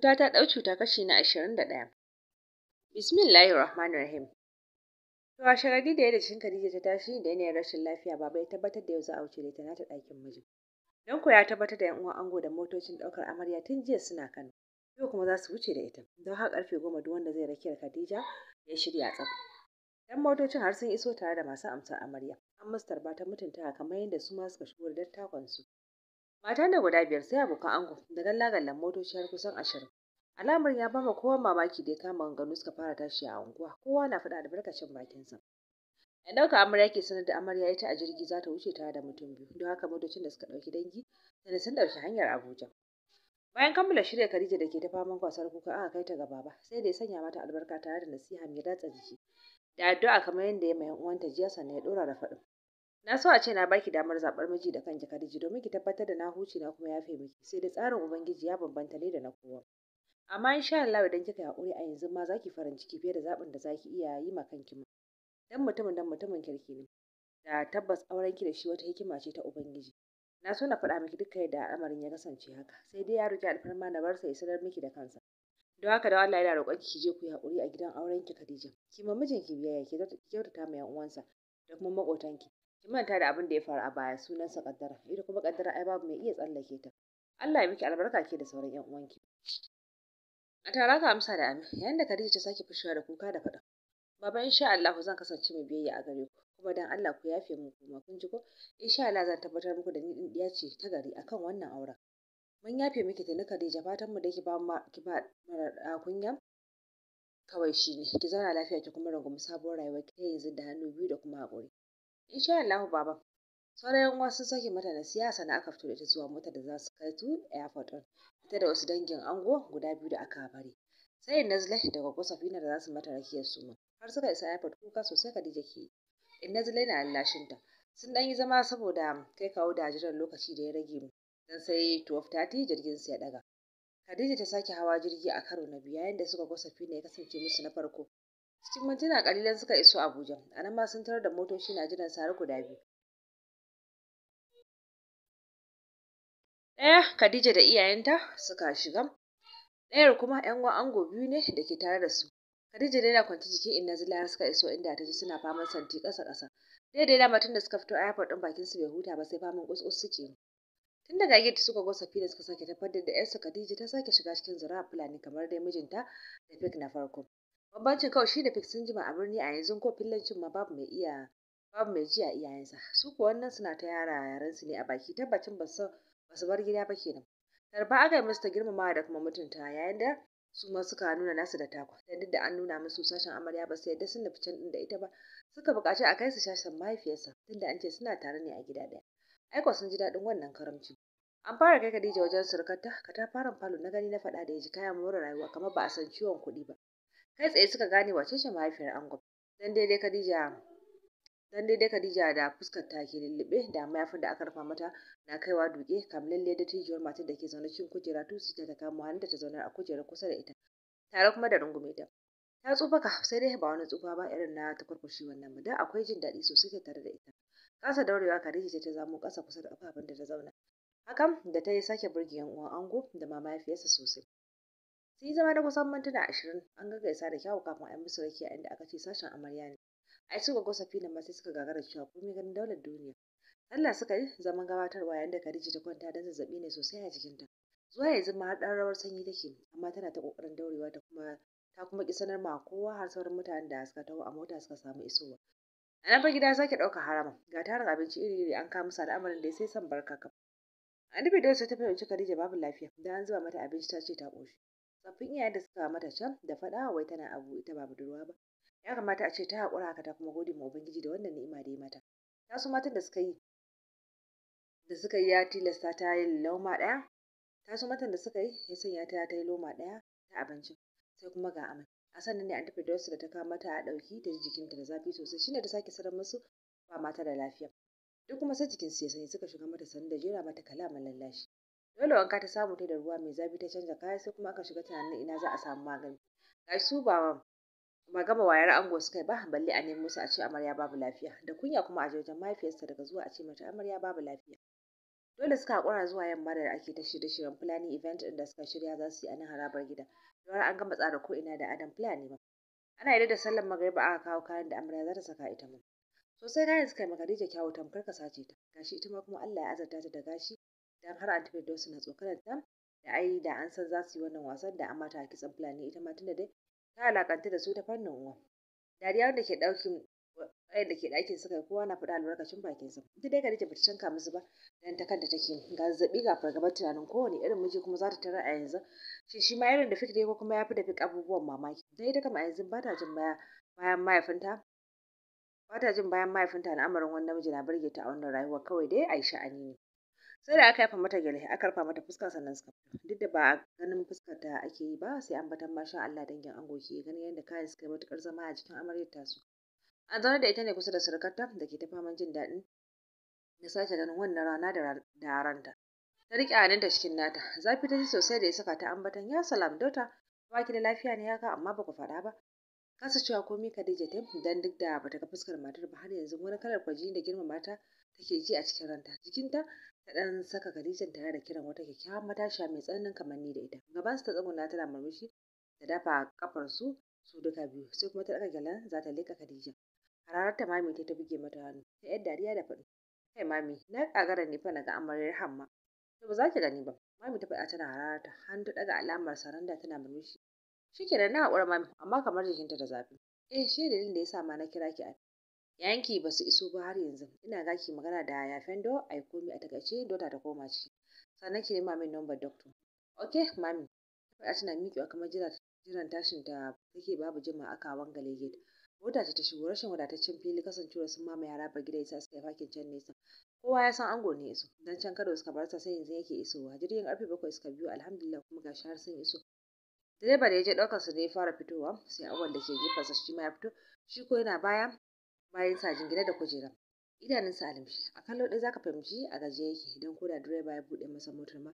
cuta ta ɗau cuta kashi na ashirin da ɗaya bismillahi rahmanir rahim to a shagari da ya dace, Khadija ta tashi da yanayin rashin lafiya baba ya tabbatar da yau za a wuce da ta nata ɗakin miji don ko ya tabbatar da yan uwan ango da motocin ɗaukar amarya tun jiya suna Kano yau kuma za su wuce da ita don har karfe goma duk wanda zai rakiyar Khadija ya shirya tsaf dan motocin har sun iso tare da masu amsar amarya an mustar ba ta mutunta kamar yadda su ma suka shigo da dattakon su Mata da guda biyar sai abokan ango da galla-gallan motoci har kusan ashirin. Alamar ya bama kowa mamaki da ya kama ganganu suka fara tashi a unguwa, kowa na faɗa albarkacin bakinsa. ya ɗauka amarya ke sanar da amarya ita a jirgi za ta wuce tare da mutum biyu, don haka motocin da suka ɗauki dangi da sun ɗauki hanyar Abuja. Bayan kammala shirya Khadija da ke ta faman kwasar kuka aka kai ta ga baba, sai da ya sanya mata albarka tare da nasiha mai ratsa jiki. Da addu'a kamar yadda ya ma uwanta jiya sannan ya ɗora da faɗin. na so a ce na baki damar zaɓar miji da kanki Khadija domin ki tabbatar da na huce na kuma yafe miki sai da tsarin ubangiji ya bambanta ne da na kowa amma insha Allah idan kika haƙuri a yanzu ma zaki farin ciki fiye da zaɓin da zaki iya yi ma kanki ma dan mutumin dan mutumin kirki ne da tabbas auren ki da shi wata hikima ce ta ubangiji na so na faɗa miki duka yadda al'amarin ya kasance haka sai dai ya rika alfarma na bar sa ya sanar miki da kansa don haka da Allah yana roƙon ki je ku yi haƙuri a gidan auren ki Khadija ki ma mijinki biyayya ki kyautata ma yan uwansa da kuma maƙotanki ki manta da abin da ya faru a baya sunansa kaddara ita kuma kaddara ai babu mai iya tsallake ta Allah ya miki albarka ke da sauran yan uwanki a tara ka amsa da ami? yayin da Khadija ta sake fushewa da kuka da faɗa baba insha Allah zan kasance mai biyayya a gare ku kuma dan Allah ku yafe mu kuma kun ji ko insha Allah zan tabbatar muku da ni din diya ce ta gari akan wannan auren mun yafe miki tuni Khadija fatan mu da ki ba ki ba mara kunya kawai shi ne, ki zauna lafiya ki kuma rungumi sabuwar rayuwa ki ta yanzu da hannu biyu da kuma haƙuri insha Allahu Baba. sauran yan wasu sun sake mata na siyasa na aka fito da ita zuwa mota da za su kai su airport din ita da wasu dangin ango guda biyu da aka bari sai nazle da gwaggo safina da za su mata rakiyar su har suka isa airport kuka sosai Khadija ke in nazle na ta sun dan yi zama saboda kai kawo da jiran lokaci da ya rage dan sai 12:30 jirgin su ya daga Khadija ta sake hawa jirgi a karo na biyu yayin da suka gwasa fina ya kasance musu na farko cikin mintuna kalilan suka iso abuja a nan ma sun tarar da motoci na jiran sare guda biyu ɗaya khadija da iyayenta suka shiga ɗayar kuma yan uwa ango biyu ne da ke tare da su khadija dai na kwanci jikin inna zilara suka iso inda ta ji suna faman santi ƙasa ƙasa daidai da tun da suka fito a airport ɗin bakin su bai huta ba sai faman ƙusƙus suke tun daga gate suka go safi suka sake tabbatar da yarsa Khadija ta sake shiga cikin zuri'a Fulani kamar dai mijinta da fik na farko Bambancin kawai shi da Pig sun jima a birni a yanzu ko fillancin ma babu mai iya babu mai ji a iyayensa. Su kuwa wannan suna ta yara su ne a baki tabbacin ba su bar gida ba kenan. Tarba aka yi musu ta girmamawa da kuma mutunta yayin da su ma suka nuna nasu da taku ta duk da an nuna musu sashen amarya ba su yadda sun nufi can ɗin da ita ba suka buƙaci a kai su sashen mahaifiyarsa tunda an ce suna tare ne a gida ɗaya. Aiko sun ji daɗin wannan karamci. An fara kai Khadija wajen surukarta, katafaren falo na gani na faɗa da ya ji kayan more rayuwa kamar ba a san ciwon kuɗi ba. kai tsaye suka gane wace ce mahaifiyar ango. dan daidai Khadija dan daidai Khadija da fuskar ta ke lullube da mayafin da aka rufa mata na kaiwa duke kamlalle da tijiyar matar da ke zaune cikin kujera tusi ta kamo hannunta ta zauna a kujerar kusa da ita tare kuma da rungume ta ta tsufa ka sai dai ba wani tsufa ba irin na ta kurkushi wannan ba Da akwai jin daɗi sosai tare da ita kasa daurewa Khadija ta zamo kasa kusa da kafafun da ta zauna hakan da ta yi sake burge yan uwan ango da mahaifiyarsa sosai sun yi zama na kusan mintuna ashirin an gaggaisa da kyawu kafin a yi musu rakiya inda aka ce sashen amarya ne a yi suka gosa filin ma sai suka gagara cewa komai ganin daular duniya Allah suka yi zaman gabatarwa yayin da Khadija ta kwanta don zazzabi ne sosai a jikinta zuwa yanzu ma har ɗan rawar sanyi take amma tana ta ƙoƙarin daurewa ta kuma ta kuma ki sanar ma kowa har sauran mutanen da suka taho a mota suka samu isowa a nan fa gida sake ɗauka harama ga tarin abinci iri iri an kawo musu al'amarin da sai san barka kam an dubi da ta fahimci Khadija babu lafiya da an zuba mata abinci ta ce ta ƙoshi tsoffin iyayen da suka mata can da faɗa wai tana abu ita ba budurwa ba ya kamata a ce ta haƙura haka ta kuma gode ma ubangiji da wannan ni'ima da ya mata ta su matan da suka yi da suka yi ya tilasta ta yi lauma ɗaya ta su matan da suka yi ya sanya ta ta yi loma ɗaya ta abincin sai kuma ga amai a sannan ne an tafi da da ta kama mata a ɗauki ta ji jikinta da zafi sosai shine ta sake sanar musu ba mata da lafiya duk kuma sai jikin su ya sanyi suka shiga mata sanda jera mata kalaman lallashi dole wanka ta samu ta da ruwa mai zafi ta canza kaya sai kuma aka shiga tunanin ina za a samu magani ga su ba ma gama wayar ango suka yi ba balle a nemo su a ce amarya babu lafiya da kunya kuma a je wajen mahaifiyarsa daga zuwa a ce mata amarya babu lafiya dole suka haƙura zuwa yamma da ake ta shirye shiryen fulani event ɗin da suka shirya za su yi a nan harabar gida don an gama tsara ko ina da adam fulani ba ana yadda da sallar magariba aka kawo kayan da amarya za ta saka ita ma sosai kayan suka yi ma Khadija kyawu tamkar ka sace ta gashi ita ma kuma Allah ya azarta ta da gashi dan har an anti Firdausu na tsokanar ta da ai da an san za su yi wannan wasan da amma ta kitsan fulani ita ma tunda dai ta alakanta da su ta fannin uwa dariya da ke ɗaukin ɗayan da ke ɗakin suka kowa na faɗa albarkacin bakin sa ita dai Khadija bata canka musu ba dan ta kanta take ga zabi ga fargabar tunanin kowane irin miji kuma za ta tara a yanzu shi shi ma irin da fik dai ko kuma ya fi da fik abubuwan mamaki dan ita kama yanzu ba ta jin baya bayan mahaifinta ba ta jin bayan mahaifinta al'amarin wani namiji na burge ta a wannan rayuwa kawai dai a yi sha'ani ne sai da aka yafa mata gyale aka rufa mata fuska sannan suka fito duk da ba ganin fuskar ta ake yi ba sai an ambatan masha Allah dangin ango ke ganin yadda kayan suka yi matukar zama a jikin amaryar tasu an zaune da ita ne kusa da surukarta da ke ta faman jin daɗin na sace ganin wannan rana da ranta ta riƙe ta cikin nata zafi ta ji sosai da ya saka ta ambatan ya salam dota ba ki da lafiya ne haka amma ba ku faɗa ba kasa cewa komai Khadija ta dan duk da bata ga fuskar matar ba har yanzu wani kalar kwaji da girmama ta take ji a cikin ranta jikinta kaɗan saka kadijan tare da kiran wata kyakkyawan matashiya mai tsananin kamanni da ita. Gaban su ta tsuguna tana murmushi da dafa kafar su su duka biyu sai kuma ta ɗaga gyalan za ta leƙa Khadija. Hararar ta mami ta buge mata hannu ta yar dariya da faɗi. Kai mami na ƙagara ne fa na ga amaryar Hamma. To ba za ki gani ba. Mami ta faɗa tana hararar ta hannu ta ɗaga alamar saranda tana murmushi. kenan na haƙura mami amma kamar jikinta da zafi. Eh shi dalilin da ya sa ma na kira ki a yanki ba su iso ba har yanzu ina ga ki magana da yafendo fendo yi komi a takaice dota ta koma ciki sannan ki nema min number doctor ok mami a tana miƙewa kamar jiran tashin ta take babu jima a gale gate mota ce ta shigo rashin wadataccen fili kasancewa sun mamaye ba gida isa suka yi fakin can nesa kowa ya san ango ne iso dan can kado suka bar sai yanzu yake isowa jirgin karfe bakwai suka biyu alhamdulillah kuma gashi har sun iso direba da ya je ɗaukar su ne ya fara fitowa sai awon da ke gefen sa shi ma ya fito shi ko yana baya bayan bayansa jingine da kujera idanunsa a limshi a kallo ɗaya zaka fahimci a gaje yake idan da direba ya buɗe masa motar ma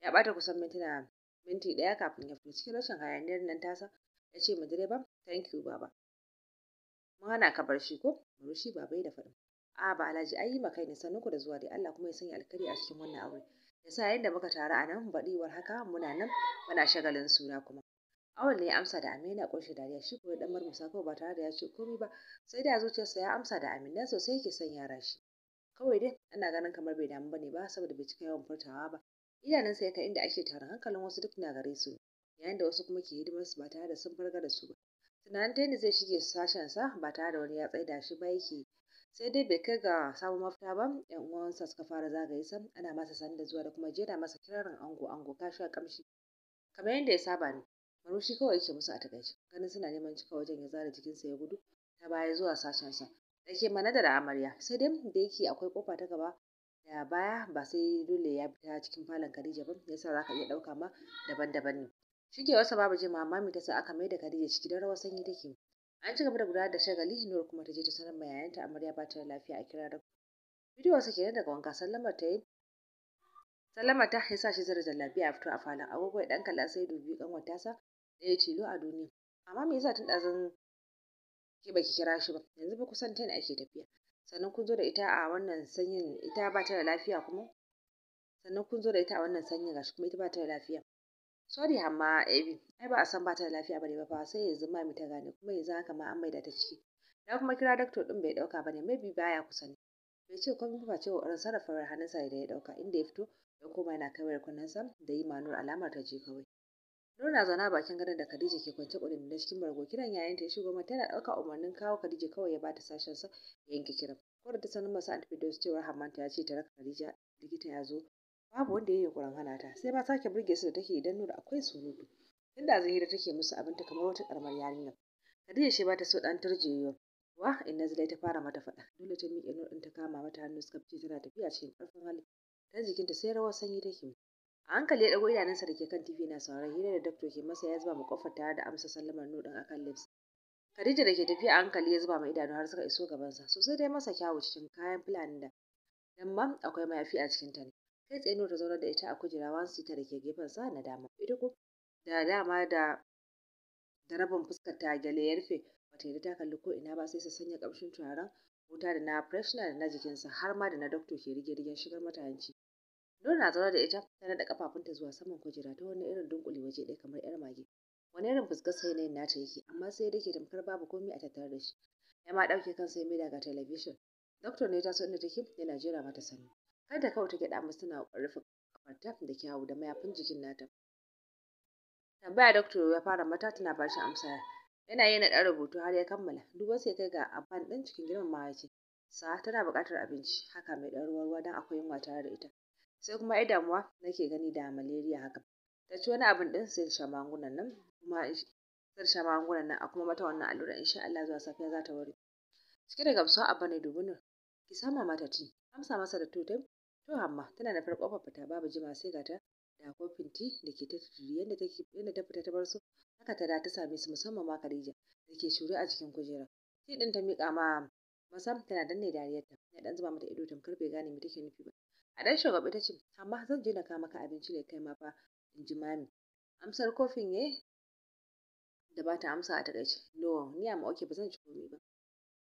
ya bata kusan mintuna minti ɗaya kafin ya fi cikin rashin hayaniyar nan tasa ya ce ma direba thank you baba mun hana ka bar shi ko shi baba ya da faɗin a ba alhaji ai ma kai ne sannu da zuwa dai Allah kuma ya sanya alkhairi a cikin wannan aure yasa yayin da muka taru a nan baɗiwar haka muna nan muna shagalin suna kuma Awal ne ya amsa da Amina yana ƙunshe dariya shi kuwa ɗan murmusa kawai ba tare da ya ce komai ba sai da zuciyarsa ya amsa da amin sosai yake son yara shi. Kawai dai ana ganin kamar bai damu bane ba saboda bai cika yawan furtawa ba. Idanunsa ya kai inda ake taron hankalin wasu duk na gare su yayin da wasu kuma ke hidimarsu ba tare da sun farga da su ba. Tunanin ta yadda zai shige sashen sa ba tare da wani ya tsaida shi ba yake sai dai bai kai ga samun mafita ba yan uwansa suka fara zagaye sam ana masa sanda zuwa da kuma jera masa kirarin ango ango kashi a kamshi kamar yadda ya saba ne Marushi kawai yake musu a takaice. Ganin suna neman cika wajen ya zara jikinsa ya gudu ta baya zuwa sashensa. Da ke mana da amarya sai dai da yake akwai kofa ta gaba da baya ba sai dole ya fita cikin falon Khadija ba yasa za ka iya ɗauka ma daban-daban ne. Shigewarsa babu jimawa mamami ta sa aka mai da Khadija ciki don rawar sanyi take. An ci gaba da gudanar da shagali Nur kuma ta je ta sanar ma amarya ba ta da lafiya a kira da bidiyonsa kenan daga wanka sallamar ta yi sallama ta ya sa shi zara lafiya a fito a falon agogo dan kalla sai dubi kanwar tasa ɗaya tilo a duniya amma me yasa tun ɗazun ke baki kira shi ba yanzu ba kusan ten ake tafiya sannan kun zo da ita a wannan sanyin ita ba ta da lafiya kuma sannan kun zo da ita a wannan sanyin gashi kuma ita ba ta da lafiya sorry amma ebi eh, ai ba a san ba ta da lafiya bane ba fa sai yanzu ma mami ta gane kuma yanzu haka ma an da ta ciki na kuma kira doctor din bai dauka bane maybe baya kusa ne bai ce komai ba ce wa sarrafa hannunsa da ya dauka inda ya fito ya koma yana kaiwar kunnensa da yi manur alamar ta je kawai Nuna zaune a bakin gadon da Khadija ke kwance ƙudin da cikin bargo kiran yayanta ya shigo mata tana ɗauka umarnin kawo Khadija kawai ya ba ta sashen sa ya yanke kiran. Kwar ta sanin masa tafi cewa Hamanta ya ce ta raka Khadija likita ya zo. Babu wanda ya yi yunƙurin hana ta sai ma sake burge su da take idan nuna akwai surutu. Tunda Zahira take musu abin ta kamar wata karamar yarinya. Khadija shi ba ta so ɗan turjeyo. Wa inna zilai ta fara mata faɗa. Dole ta miƙe nur ta kama mata hannu suka fice tana tafiya cikin ƙarfin hali. Ta jikinta sai rawar sanyi take. a hankali ya ɗago idanunsa da ke kan tv na sauraron hira da dakto ke masa ya zuba ma kofar tare da amsa sallamar nudin akan lips Khadija da ke tafiya a hankali ya zuba ma idanu har suka iso gabansa sosai dai masa kyawu cikin kayan fulani da yamma akwai mayafi a cikin ta ne kai tsaye ta zauna da ita a kujera wansi ta da ke gefen sa na dama ita ko da dama da da rabin fuskar ta gyale ya rufe wata yadda ta kalli ko ina ba sai sa sanya kamshin turaren wuta da na freshener da na jikinsa har ma da na doctor ke rige rigen shigar mata hanci Nur na zaune da ita ta naɗa ƙafafunta zuwa saman kujera ta wani irin dunƙule waje ɗaya kamar 'yar mage. Wani irin fuskar na yanayin nata yake amma sai ke tamkar babu komai a tattare da shi. Ya ma ɗauke kansa ya maida ga talabijin. Doktor ne ta so inda take yana jera mata sanyi Har da kawai ta gyaɗa masu tana rufe ƙafarta da kyawu da mayafin jikin nata. Tambaya doktor ya fara mata tana ba shi amsa. Yana yin ɗan rubutu har ya kammala. Duba sai kai ga amfani ɗan cikin girmamawa ya ce, Sa tana buƙatar abinci, haka mai ɗan ruwa-ruwa don akwai yunwa tare da ita. sai kuma ai damuwa nake gani da maleriya haka ta ci wani abin din sai sha magungunan nan kuma sai sha magungunan nan a kuma mata wannan allura insha Allah zuwa safiya za ta warke cike da gamsuwa a ne dubunin ki sama mata ti amsa masa da totem to amma tana da farko fita babu jima sai gata da kofin ti da ke ta yadda take yadda ta fita ta bar su haka ta da ta same su musamman ma Khadija da ke shure a cikin kujera sai din ta mika ma masam tana danne dariyarta ya dan zuba mata ido tamkar bai gane me take nufi ba a ɗan shagwabi ta ce amma zan je na kawo maka abinci ne kai ma fa in ji mami amsar kofin ye da ba ta amsa a takaice no ni amma oke ba zan ci komai ba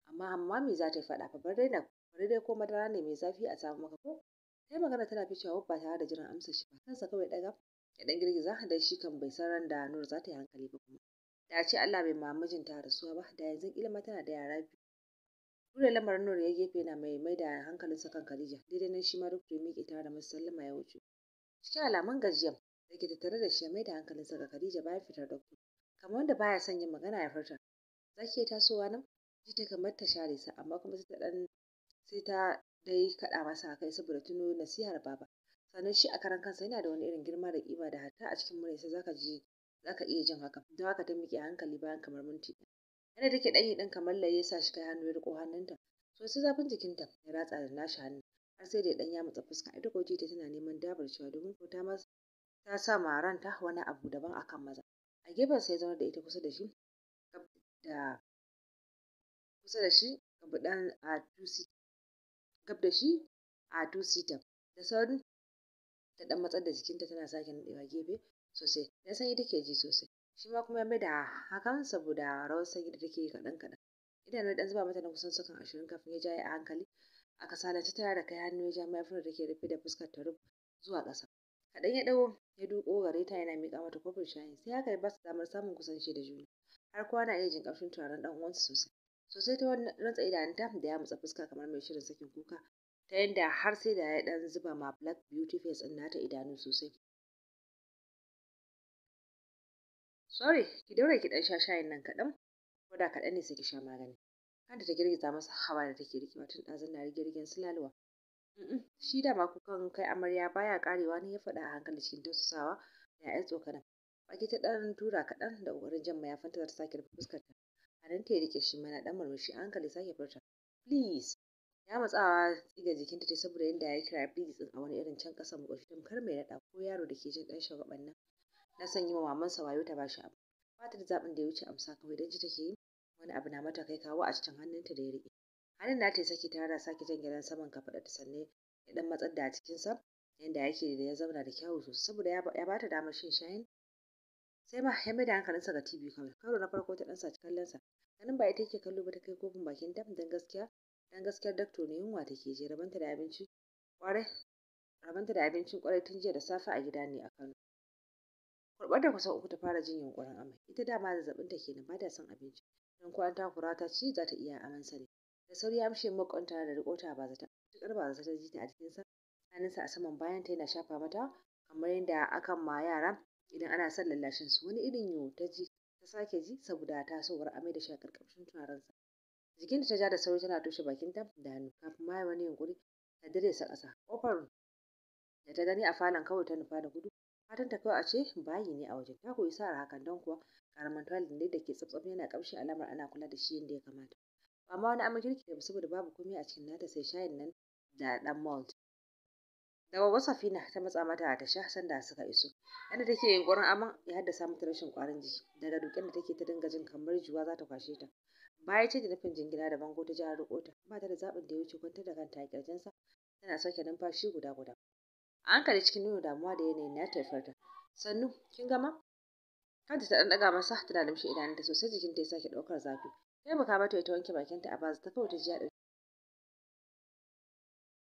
amma amma me za ta faɗa fa bar dai na dai ko madara ne mai zafi a samu maka ko kai magana tana ficewa ba tare da jiran amsar shi ba kansa kawai ɗaga ya ɗan girgiza da shi kan bai san ran da nur za ta yi hankali ba kuma da ce Allah bai ma mijinta rasuwa ba da yanzu ma tana da yara biyu Tura lamarin Nur ya gefe na mai maida da hankalinsa kan Khadija. Daidai nan shi ma Dokto ya miƙe tare da Musallama ya wuce. Cikin alamun gajiyan da ke tattare da shi ya mai da hankalinsa ga Khadija bayan fitar da Dokto. Kamar wanda baya son yin magana ya furta. Za ki iya tasowa nan? Ji ta kamar ta share sa amma kuma sai ta ɗan sai ta dai kaɗa masa a kai saboda tuno nasihar baba. Sannan shi a karan kansa yana da wani irin girma da ƙima da hatta a cikin muryarsa za ka ji za ka iya jin haka Don haka ta miƙe hankali bayan kamar minti yadda take ɗanyi ɗin kamar laye sa shi kai hannu ya riƙo hannunta sosai zafin jikinta ya ratsa da nashi hannun har sai da ya ɗan ya matsa fuska ita ko ta tana neman dabar cewa domin ko ta masa ta sa ma ranta wani abu daban akan maza a gefen sai zama da ita kusa da shi da kusa da shi ɗan a tusi gab da shi a tusi ta da ta dan matsar da jikinta tana sake naɗewa gefe sosai ya san ita ke ji sosai shi ma kuma ya mai da hakan saboda rawar sanyi da take kaɗan kaɗan idan na ɗan zuba mata na kusan sakan ashirin kafin ya ja a hankali a ta tana da kai hannu ya ja mayafin da take rufe da fuskar ta zuwa ƙasa kaɗan ya ɗago ya duƙo gare ta yana miƙa mata kofin shayi sai haka ya ba su damar samun kusanci da juna har kowa na iya jin ƙarfin turaren ɗan uwansu sosai sosai ta wani rantsa ta, da ya matsa fuska kamar mai shirin sakin kuka ta yadda har sai da ya ɗan zuba ma black beauty face ɗin nata idanu sosai sorry ki daura ki dan sha shayin nan kaɗan ko da kaɗan ne sai ki sha magani kanta ta girgiza masa hawa da take rikewa tun ɗazun na rige rigen silalewa shi da ma kukan kai amarya baya karewa ne ya faɗa a hankali cikin tausasawa da ya tsokanan baki ta ɗan tura kaɗan da ƙoƙarin jan ya za ta sake rufe ta hannun ta ya rike shi mana ɗan murmushi a hankali sake furta please ya matsawa tsiga jikinta ta saboda yadda ya kira please ɗin a wani irin can ƙasa makoshi tamkar mai naɗa ko yaro da ke jin ɗan shagaban nan na son yi maman sa wayo ta bashi abu ba ta da zaɓin da ya wuce amsa kawai don ji take yi wani abu na mata kai kawo a cikin hannunta da ya rike. hannun nata ta saki tare da sake jan gidan saman kafaɗa ta sannan ya ɗan matsar da a cikinsa yadda yake da ya zauna da kyawu sosai saboda ya bata damar shin shayin sai ma ya maida hankalinsa ga TV kawai karo na farko ta ɗansa kallon sa ganin ba ita yake kallo ba ta kai kofin bakin dam dan gaskiya dan gaskiyar dakto ne yunwa take je rabanta da abinci kwarai rabanta da abincin kwarai tun jiya da safe a gida ne a Kano kurɓar da kusan uku ta fara jin yunƙurin amai ita dama zazzabin ta kenan ba ta son abinci don ko ta takura ta ci za ta iya aman sani ne da sauri ya amshe makonta da rikota ba zata matuƙar ba zata ji ta a sa hannunsa a saman bayan ta yana shafa mata kamar yadda akan ma yara idan ana son lallashin su wani irin yo ta ji ta sake ji saboda ta so tasowar amai da shakar ƙamshin sa jikin ta ja da sauri tana toshe bakin ta da hannu kafin ma wani yunƙuri ta dare sa ƙasa ƙofar da ta gani a falon kawai ta nufa da gudu Fatan ta kawai a ce bayi ne a wajen. Ta koyi sa hakan don kuwa karaman tuwalin ne da ke tsaf yana ƙamshin alamar ana kula da shi yadda ya kamata. amma wani aman kirki da saboda babu komai a cikin nata sai shayin nan da ɗan malt. Da gwaggo Safina ta matsa mata a sha sanda suka iso. Yadda take yunƙurin aman ya haddasa mata rashin ƙwarin jiki. Daga duƙen da take ta dinga jin kamar juwa za ta kwashe ta. Baya ce da nufin jingina da bango ta ja Rukota. ta. ta da zaɓin da ya wuce kwantar da kanta a ƙirjinsa tana sauke numfashi guda guda. a hankali cikin nuna damuwa da yanayin na taifarta sannu kin gama kanta ta ɗan ɗaga masa tana lumshe idanunta sosai jikinta ya sake ɗaukar zafi taimaka mata ta wanke bakinta a baza ta kawai ta ji ya